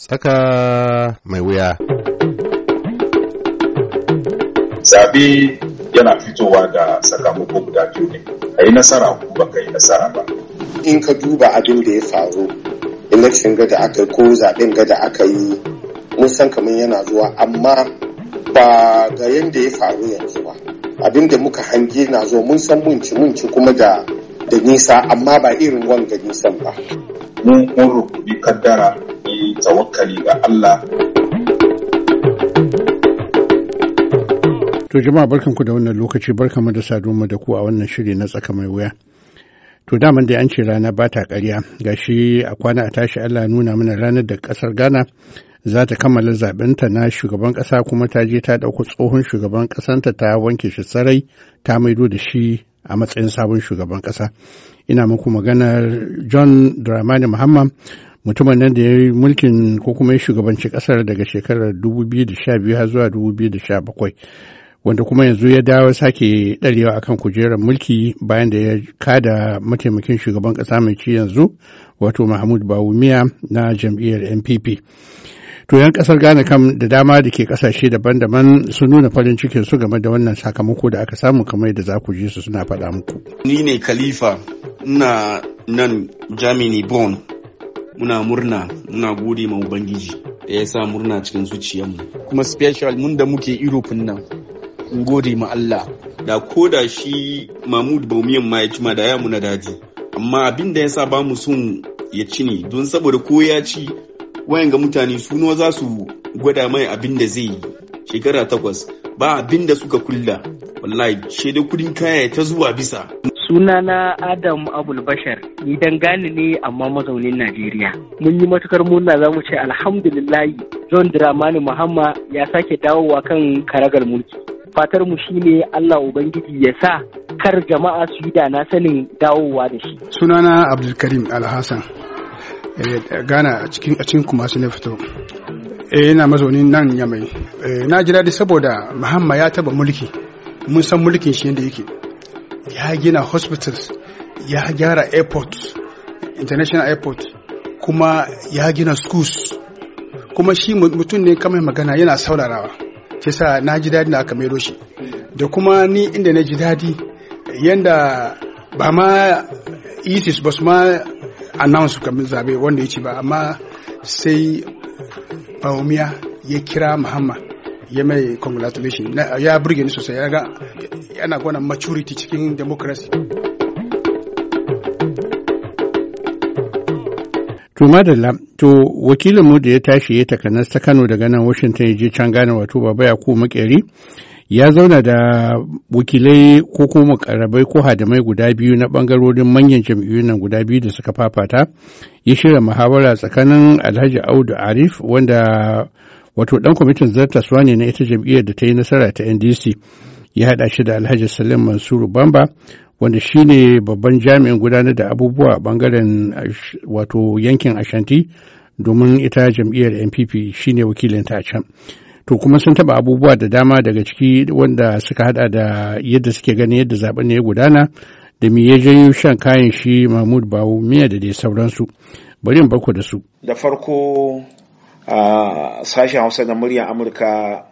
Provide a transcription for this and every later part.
Tsaka mai wuya. Zabe yana fitowa da sakamako guda biyu ne, a yi nasara ko baka yi nasara ba. In ka duba abin da ya faru, election gada da aka yi ko zaɓen gada aka yi, mun san kamar yana zuwa amma ba ga yadda ya faru yanzu ba. Abin da muka hange na zo mun san munci munci kuma da nisa amma ba irin wanga nisan ba. Mun rukuni kaddara tawakkali ga Allah. To jama'a barkanku da wannan lokaci barkanmu da saduwa da ku a wannan shiri na tsaka mai wuya. To daman da an ce rana ba ta ƙarya gashi a kwana a tashi Allah nuna mana ranar da ƙasar Ghana za ta kammala zaɓenta na shugaban ƙasa kuma ta je ta ɗauko tsohon shugaban ƙasanta ta wanke shi sarai ta maido da shi a matsayin sabon shugaban ƙasa. Ina muku maganar John Dramani Muhammad mutumin nan da ya yi mulkin ko kuma ya shugabanci kasar daga shekarar 2012 har zuwa 2017 wanda kuma yanzu ya dawo sake ɗarewa akan kujerar mulki bayan da ya kada mataimakin shugaban ƙasa mai ci yanzu wato mahmud bawumiya na jam'iyyar npp to yan kasar ghana kam da dama da ke ƙasashe daban-daban sun nuna farin cikin su game da wannan sakamako da aka samu kamar yadda za ku ji su suna faɗa muku ni ne khalifa na nan germany born muna murna muna gode ma ubangiji da ya sa murna cikin zuciyarmu kuma special mun da muke europe nan gode ma Allah da ko da shi mahmud baumiyan ma ya ci ma da ya muna daji amma abin da ya sa ba mu son ya ci ne don saboda ko ya ci wayan ga mutane su za su gwada mai abin da zai yi shekara takwas ba abin da suka kulla wallahi shaidar kudin kaya ta zuwa bisa sunana adam abul bashar ni dangane ne amma mazaunin najeriya mun yi matukar murna za mu ce alhamdulillahi john dramani Muhammad ya sake dawowa kan karagar mulki fatar mu shine allah ubangiji ya sa kar jama'a su yi da na sanin dawowa da shi sunana abdulkarim alhassan eh, gana a cikin kuma su ne fito eh yana mazaunin nan yamai eh, na ji daɗi saboda Muhammad ya taba mulki mun san mulkin shi yadda yake ya gina hospitals ya gyara airport international airport kuma ya gina schools kuma shi mutum ne kamar magana yana saurarawa shi sa na ji daɗi na aka mero shi da kuma ni inda na ji dadi yanda ba ma isis ba su ma announce kamar zabe wanda ya ci ba amma sai baumiya ya kira muhammad ya mai congratulation ya burge ni sosai ya yana gwana maturity cikin democracy To madalla, to wakilin mu da ya tashi ya takanas ta Kano daga nan Washington ya je can gane wato baba ya ku makeri ya zauna da wakilai ko ko makarabai ko hadamai guda biyu na bangarorin manyan jam'iyyun nan guda biyu da suka fafata ya shirya muhawara tsakanin Alhaji Audu Arif wanda wato dan kwamitin zartaswa ne na ita jam'iyyar da ta yi nasara ta ndc ya haɗa shi da alhaji salim mansuru bamba wanda shine babban jami'in gudanar da abubuwa a bangaren wato yankin ashanti domin ita jam'iyyar npp shine wakilinta a can to kuma sun taba abubuwa da dama daga ciki wanda suka hada da yadda suke ganin yadda zaben ne ya gudana da me ya janyo shan kayan shi mahmud bawo miya da dai sauransu bari in barku da su da farko a sashen hausa na muryar amurka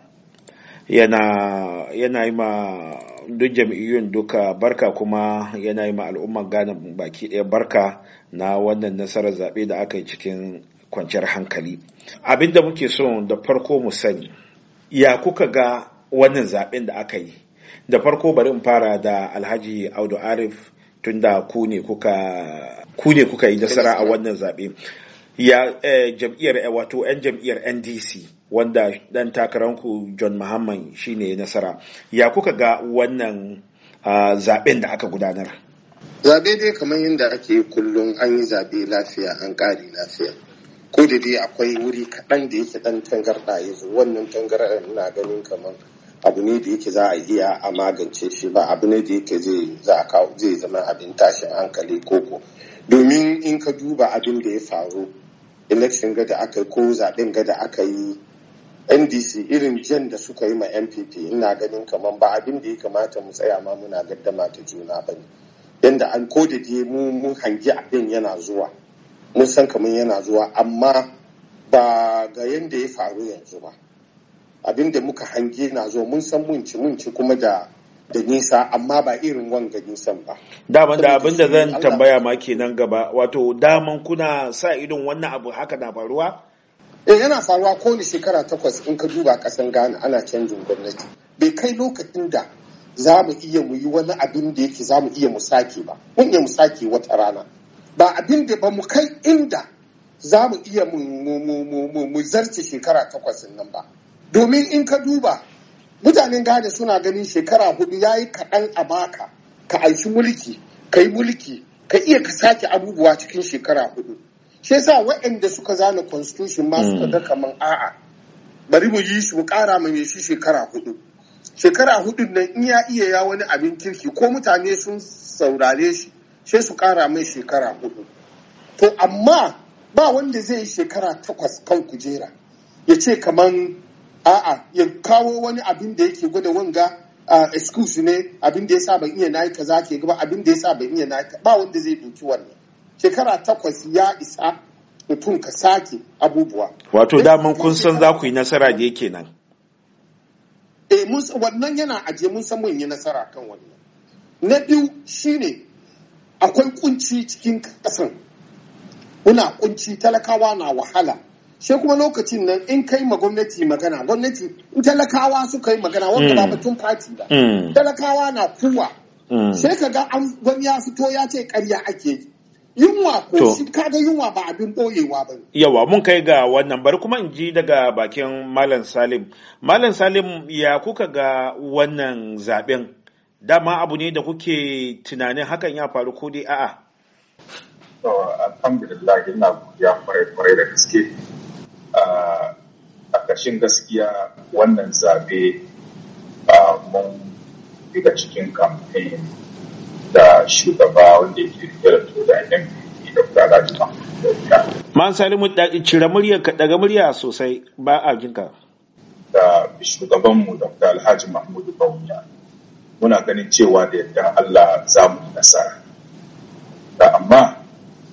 yana yi ma duk jam'iyyun duka barka kuma yana yi ma al'ummar ghana baki ɗaya barka na wannan nasarar zaɓe da aka yi cikin kwanciyar hankali abin da muke so da farko mu sani ya kuka ga wannan zaɓen da aka yi da farko bari in fara da alhaji audu arif tunda ku ne kuka yi nasara a wannan zaɓe ya eh, jam'iyyar eh, wato 'yan jam'iyyar ndc wanda dan takaranku john muhammad shine nasara ya kuka ga wannan zaben da aka gudanar zabe dai kamar yadda ake kullum an yi zabe lafiya an kare lafiya ko da dai akwai wuri kaɗan da yake ɗan tangarɗa yanzu wannan tangarɗa ina ganin kamar abu ne da yake za a iya a magance shi ba abu ne da yake zai zama abin tashin hankali koko domin in ka duba abin da ya faru election gada da aka yi ko zaɓen gada aka yi ndc irin jan da suka yi ma mpp ina ganin kamar ba abin da ya kamata mu tsaya ma muna gaddama ta juna ba ne yadda an ko da dai mu mun hangi abin yana zuwa mun san kamar yana zuwa amma ba ga yadda ya faru yanzu ba abin da muka hangi na zuwa mun san munci-munci kuma da da nisa amma ba irin wanga nisan ba daman da abin da zan tambaya ma kenan gaba wato daman kuna sa idon wannan abu haka na faruwa eh yana faruwa kowane shekara takwas in ka duba kasan Ghana ana canjin gwamnati bai kai lokacin da za mu iya mu yi wani abin da yake za mu iya mu sake ba mun iya mu sake wata rana ba abin da ba mu kai inda za mu iya mu zarce shekara takwas nan ba domin in ka duba mutanen gada suna ganin shekara hudu ya yi kaɗan a baka ka aiki mulki ka yi mulki ka iya ka sake abubuwa cikin shekara hudu shi yasa waɗanda suka zana constitution ma suka mm. ga kaman a'a bari mu yi shi mu ƙara ma mai shi shekara hudu shekara hudu nan in ya iya ya wani abin kirki ko mutane sun saurare shi sai su ƙara mai shekara hudu to amma ba wanda zai yi shekara takwas kan kujera ya ce kaman a'a ya kawo wani abin da yake gwada wanga excuse ne abin da yasa ban iya nayi kaza ke gaba abin da yasa ban iya nayi ba wanda zai doki wannan shekara takwas ya isa mutum ka sake abubuwa wato daman kun san za ku yi nasara da yake nan eh mun wannan yana aje mun san mun yi nasara kan wannan na biyu shine akwai kunci cikin kasan muna kunci talakawa na wahala sai kuma lokacin nan in kai ma gwamnati magana gwamnati talakawa suka yi magana wanda ba mm. batun fati ba mm. talakawa na kuwa mm. sai ka ga wani ya fito ya ce karya ake yi yunwa ko shi kaga yunwa ba abin boyewa ba yawa mun kai ga wannan bari kuma in ji daga bakin malam salim malam salim ya kuka ga wannan zaben dama abu ne da kuke tunanin hakan ya faru ko dai a'a alhamdulillah ina godiya kwarai kwarai da gaske cikin gaskiya wannan zaɓe mun daga cikin kamfen da shugaba wanda yake rike da da NPP da Bala Man Salimu cire murya ka daga murya sosai ba a jinka. Da shugabanmu Dr. Alhaji Mahmudu Bawuya muna ganin cewa da yadda Allah za mu nasara. Da amma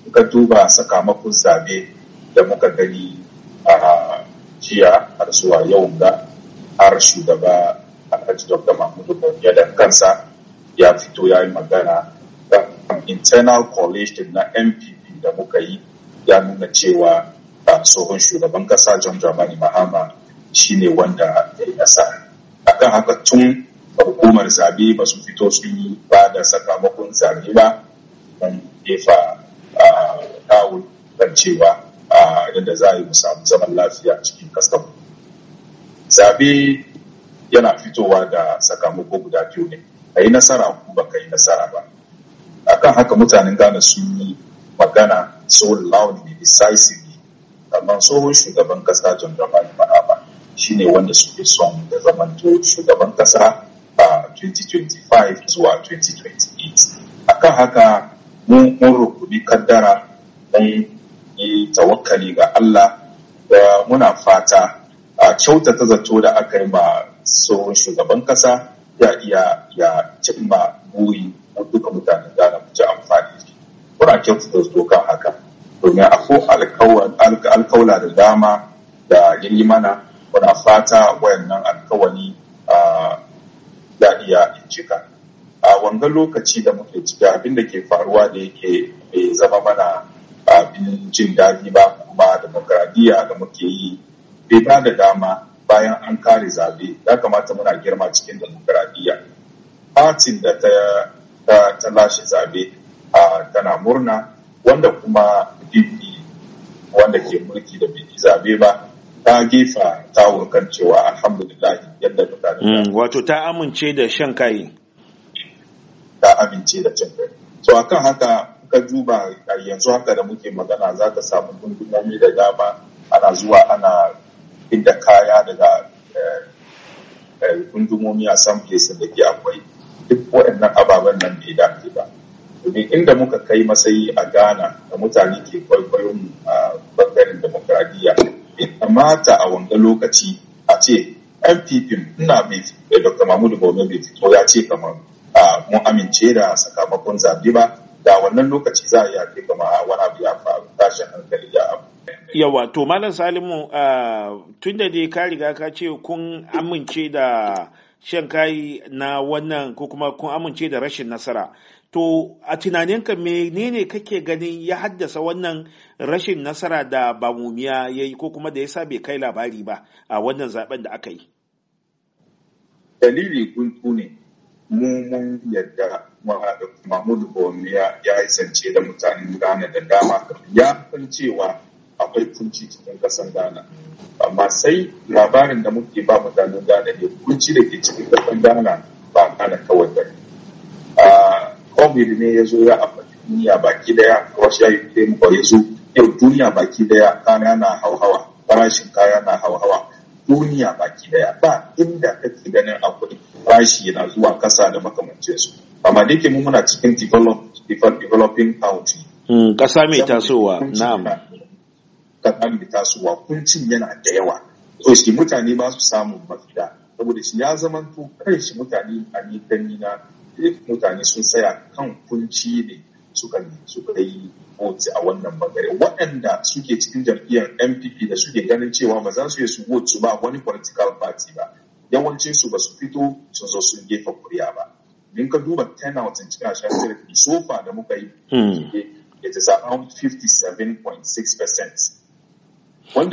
muka duba sakamakon zaɓe da muka gani a jiya har zuwa yau ga har shugaba alhaji dr mahmudu bauya da kansa ya fito ya yi magana da internal coalition na npp da muka yi ya nuna cewa ba tsohon shugaban kasa john dramani mahama shine wanda ya yi nasa akan haka tun hukumar zabe ba su fito su yi ba da sakamakon zabe ba don efa a ah, kawo cewa a yadda za a yi mu samu zaman lafiya a cikin kastam. zabe yana fitowa da sakamako guda biyu ne a yi nasara ko ba ka yi nasara ba A kan haka mutanen Ghana sun yi magana so loudly decisively amma tsohon shugaban kasa John Dramani Mahama ne wanda suke son da zamanto shugaban kasa a 2025 zuwa 2028 kan haka mun rukuni kaddara mun yi tawakkali ga Allah da muna fata a kyautata zato da aka yi ma tsohon shugaban kasa ya iya ya cimma buri a duka mutanen da mu ji amfani muna kyautata zato kan haka domin akwai alkawla da dama da yi mana muna fata wayannan alkawali da iya cika a wangan lokaci da muke ciki abin da ke faruwa da yake bai zama mana ba jin daɗi ba kuma demokradiyya da muke yi bai ba da dama bayan an kare zaɓe ya kamata muna girma cikin demokradiyya fatin da ta lashe zaɓe tana murna wanda kuma bibi wanda ke mulki da bai zaɓe ba ta gefa ta wurkan cewa alhamdulillah yadda mutane mm, wato ta amince da shan kai ta amince da shan kai so akan haka ka duba a yanzu haka da muke magana za ka samu gungunami da dama ana zuwa ana inda kaya daga eh, eh, gundumomi a san fesa da ke akwai duk waɗannan ababen nan bai dace ba domin inda muka kai matsayi a ghana da mutane ke kwaikwayon a bangaren demokradiyya ya kamata a wanga lokaci a ce npp ina bai dr mahmudu baume bai fito ya ce kamar ah, mun amince da sakamakon zabe ba da wannan lokaci za a iya kuma wani abu ya faru tashin hankali ya abu yawa to malam salimu tun da dai ka riga ka ce kun amince da shan kayi na wannan ko kuma kun amince da rashin nasara to a tunaninka menene kake ganin ya haddasa wannan rashin nasara da bamumiya ya yi ko kuma da ya sa bai kai labari ba a wannan zaben da aka yi dalili kun ne mu mun yarda mahmud borniya ya yi da mutane ghana da dama ya san cewa akwai kunci cikin kasan ghana amma sai labarin da muke ba mutanen ghana ne kunci da ke cikin kasan ghana ba ghana kawai ba covid ne ya zo ya afaki duniya baki daya russia ukraine ba ya zo yau duniya baki daya kaya na hauhawa farashin kaya na hauhawa duniya baki daya ba inda kake ganin akwai bashi yana zuwa kasa da makamancinsu amma da yake mu muna cikin developing country hmm, kasa mai tasowa na'am kasa mai tasowa kuncin yana da yawa to shi mutane ba su samun mafita saboda shi ya zama to kai shi mutane a ni na mutane sun tsaya kan kunci ne suka yi votes a wannan bangare waɗanda suke cikin jam'iyyar npp da suke ganin cewa ba za su yi su vote su ba wani political party ba yawancin su ba su fito su zo sun gefa kuriya ba in ka duba turnout in cikin ashen so fa da muka yi hmm. it is around 57.6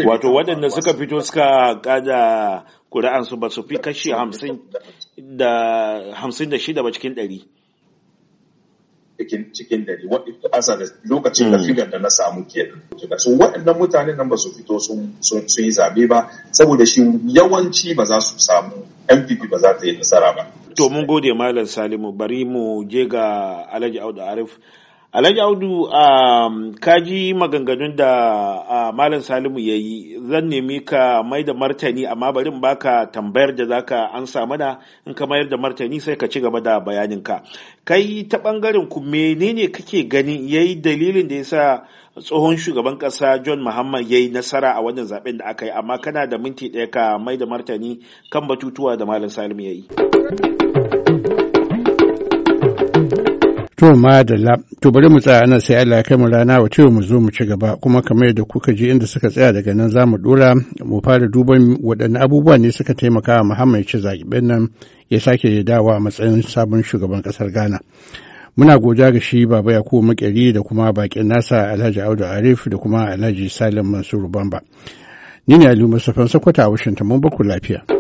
Wato waɗanda suka fito suka kada ƙuri'ansu ba su fi kashi hamsin da shida ba cikin ɗari. cikin dare waɗanda asa da lokacin da hmm. figan da na samu kenan so waɗannan mutanen nan ba su fito sun yi zabe ba saboda shi yawanci ba za su samu MPP ba za ta yi nasara ba to mun gode malam Salimu bari mu je ga Alhaji Audu Arif Alhaji Audu um, kaji maganganun da uh, Malam Salimu ya yi zan nemi ka mai da martani amma bari in baka tambayar da zaka ansa mana in ka mayar da martani sai ka ci gaba da bayaninka. Kai ta bangaren ku menene kake gani yi dalilin da ya sa tsohon shugaban kasa John Muhammad yi nasara a wannan zaben da aka yi amma kana da minti ɗaya ka mai da martani kan batutuwa da Malam Salimu ya yi. da lab to bari mu tsaya nan sai Allah ya kai mu rana wa mu zo mu ci gaba kuma kamar yadda kuka ji inda suka tsaya daga nan za mu dora mu fara duban waɗanne abubuwa ne suka taimaka wa Muhammad ci zaɓen nan ya sake ya dawa a matsayin sabon shugaban ƙasar Ghana. Muna godiya ga shi Baba Yakubu Makeri da kuma bakin nasa Alhaji Audu Arif da kuma Alhaji Salim Mansur Bamba. Ni ne Ali Mustapha Sokoto a Washington mun baku lafiya.